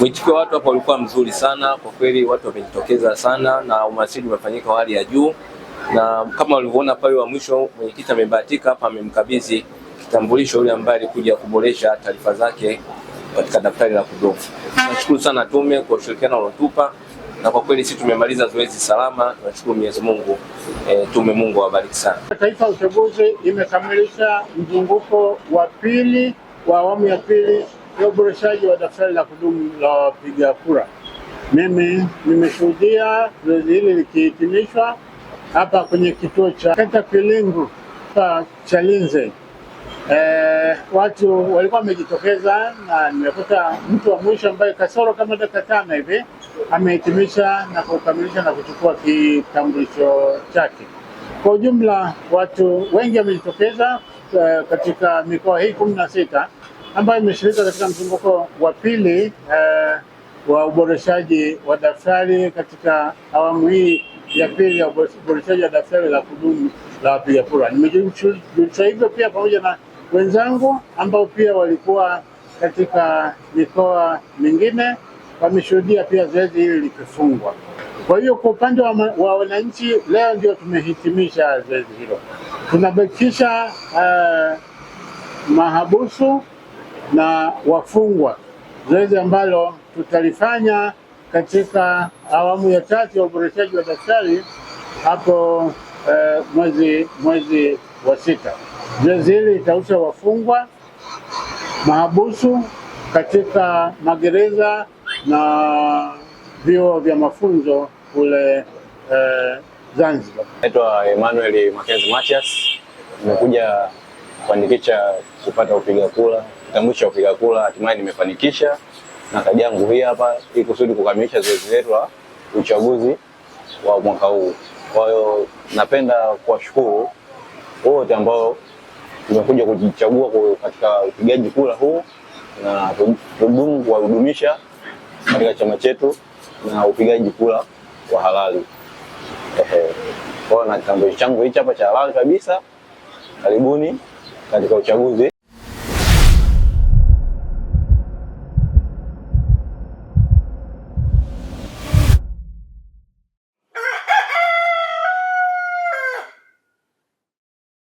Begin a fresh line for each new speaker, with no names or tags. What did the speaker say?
Mwitikio wa watu hapa ulikuwa mzuri sana kwa kweli, watu wamejitokeza sana na umasiri umefanyika hali ya juu, na kama walivyoona pale wa mwisho, mwenyekiti amebahatika hapa, amemkabidhi kitambulisho yule ambaye alikuja kuboresha taarifa zake katika daftari la kudumu. Tunashukuru sana tume kwa ushirikiano uliotupa na kwa kweli sisi tumemaliza zoezi salama, tunashukuru Mwenyezi Mungu. E, tume Mungu awabariki sana.
Taifa ya Uchaguzi imekamilisha mzunguko wa pili wa awamu ya pili ya uboreshaji wa daftari la kudumu la wapiga kura, mimi nimeshuhudia zoezi hili likihitimishwa hapa kwenye kituo cha kata Kilingu Chalinze. E, eh, watu walikuwa wamejitokeza na nimekuta mtu wa mwisho ambaye kasoro kama dakika tano hivi amehitimisha na kukamilisha na kuchukua kitambulisho chake. Kwa ujumla watu wengi wamejitokeza e, katika mikoa hii kumi na sita ambayo imeshirika katika mzunguko wa pili eh, wa uboreshaji wa daftari katika awamu hii ya pili ya uboreshaji wa daftari la kudumu la wapiga kura. Nimejumuisha hivyo pia pamoja na wenzangu ambao pia walikuwa katika mikoa mingine wameshuhudia pia zoezi hili likifungwa. Kwa hiyo kwa upande wa wananchi leo ndio tumehitimisha zoezi hilo, tunabakisha eh, mahabusu na wafungwa, zoezi ambalo tutalifanya katika awamu ya tatu ya uboreshaji wa daftari hapo eh, mwezi mwezi wa sita. Zoezi hili litahusu wafungwa mahabusu katika magereza na vyuo vya mafunzo kule eh, Zanzibar.
Naitwa Emmanuel Makenzi Matias, nimekuja kuandikisha kupata upiga kura kitambulisho cha kupiga kura hatimaye nimefanikisha na kadi yangu hii hapa, ili kusudi kukamilisha zoezi letu la uchaguzi wa mwaka huu. Kwa hiyo napenda kuwashukuru wote ambao tumekuja kujichagua katika upigaji kura huu na tudumu kuwahudumisha katika chama chetu na upigaji kura wa halali. Ehe, kwa na kitambulisho changu hichi hapa cha halali kabisa. Karibuni katika uchaguzi.